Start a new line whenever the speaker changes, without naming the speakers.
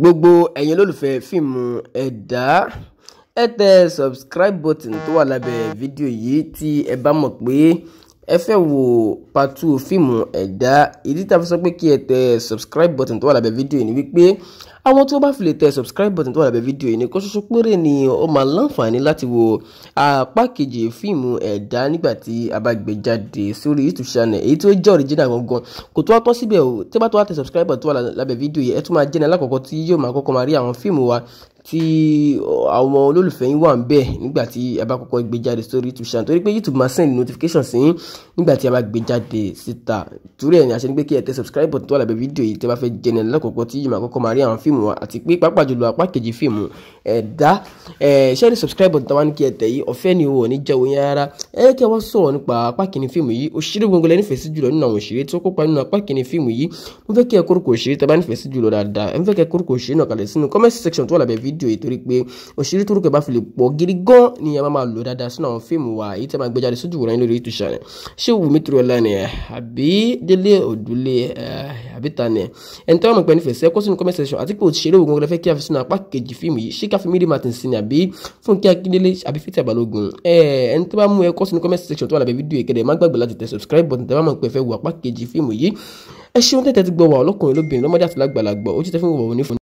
gbogbo ẹ̀yin olólùfẹ́ fíìmù ẹ̀dá ẹ tẹ subscribe button tó wà lábẹ́ fídíò yìí tí ẹ bá mọ̀ pé ẹ fẹ́ wo part two fíìmù ẹ̀dá ìdí tá a fi sọ pé kí ẹ tẹ subscribe button tó wà lábẹ́ fídíò yìí ni wípé àwọn tó bá fi lè tẹ subscribe button tó wà lábẹ́ fídíò yìí ni kó ṣoṣo péré ni ó máa láǹfààní láti wo apá kejì fíìmù ẹ̀dá nígbà tí a bá gbé jáde sórí youtube channel èyí tó jẹ́ original gangan kò tó wá tán síbẹ̀ o tí bá tó wá tẹ subscribe button tó wà lábẹ́ fídíò yìí ẹ tún máa jẹ́ ní alákọ̀ọ́kọ́ tí yóò máa kọ́kọ́ máa rí àwọn fíìmù wa tí àwọn olólùfẹ́ yín wà ń bẹ̀ nígbà tí a bá kọ́kọ́ gbé jáde sórí YouTube channel torí pé YouTube máa send notification sí yín nígbà tí a bá gbé jáde síta torí ẹ̀ ní àṣẹ ni pé kí ẹ tẹ subscribe button tó wà lábẹ́ fídíò yìí tẹ bá fẹ́ jẹni lọ́kọ̀ọ̀kọ́ tí yìí máa kọ́kọ́ máa rí àwọn fíìmù wa àti pé pàápàá jùlọ apá kejì fíìmù ẹ̀dá ṣẹ́ni subscribe button tó wà ní kí ẹ tẹ̀ yìí ọ̀fẹ́ ni o ò ní jẹ́ òun yára ẹ kí wọ́n sọ̀rọ̀ nípa apá kìíní fíìmù yìí òṣèré gbogbo lẹ nífẹ̀ẹ́ sí jùlọ nínú àwọn òṣèré tó kópa nínú apá kìíní fíìmù yìí mo fẹ́ kí ẹ kórúkọ òṣèré tẹ́ bá nífẹ̀ẹ́ sí jùlọ dáadáa ẹ fẹ́ kí ẹ kórúkọ òṣèré náà kalẹ̀ sínú comment section tó wà lábẹ́ fídíò yìí torí pé òṣèré tó rúkọ bá fi lè pọ̀ gidi gan ni ẹ máa lò dáadáa sínú àwọn fíìmù wa èyí tẹ́ máa gbé jáde sójú wòran lórí YouTube channel ṣé Wùmí Toríọlá ni àbí Délé Òdùlé àbí ni ẹni tẹ́ wọ́n mọ̀ section àti pé òṣèré ògùn lẹ fẹ́ kí a fi sínú apá kejì fíìmù yìí ṣé ká fi Mary Martin sí ni àbí Fúnkẹ́ Akíndélé kọ sínú comment section tó wà lábẹ́ fídíò ìkẹ́dẹ̀ má gbàgbé láti tẹ subscribe button tẹ́ bá mọ̀ pé fẹ́ wo apá kejì fíìmù yìí ẹ ṣeun tẹ́tẹ́ ti gbọ́ wà ọlọ́kùnrin lóbìnrin lọ́mọdé àti lágbàlagbà ó ti tẹ́ fún wọ̀ wọ́n ní fún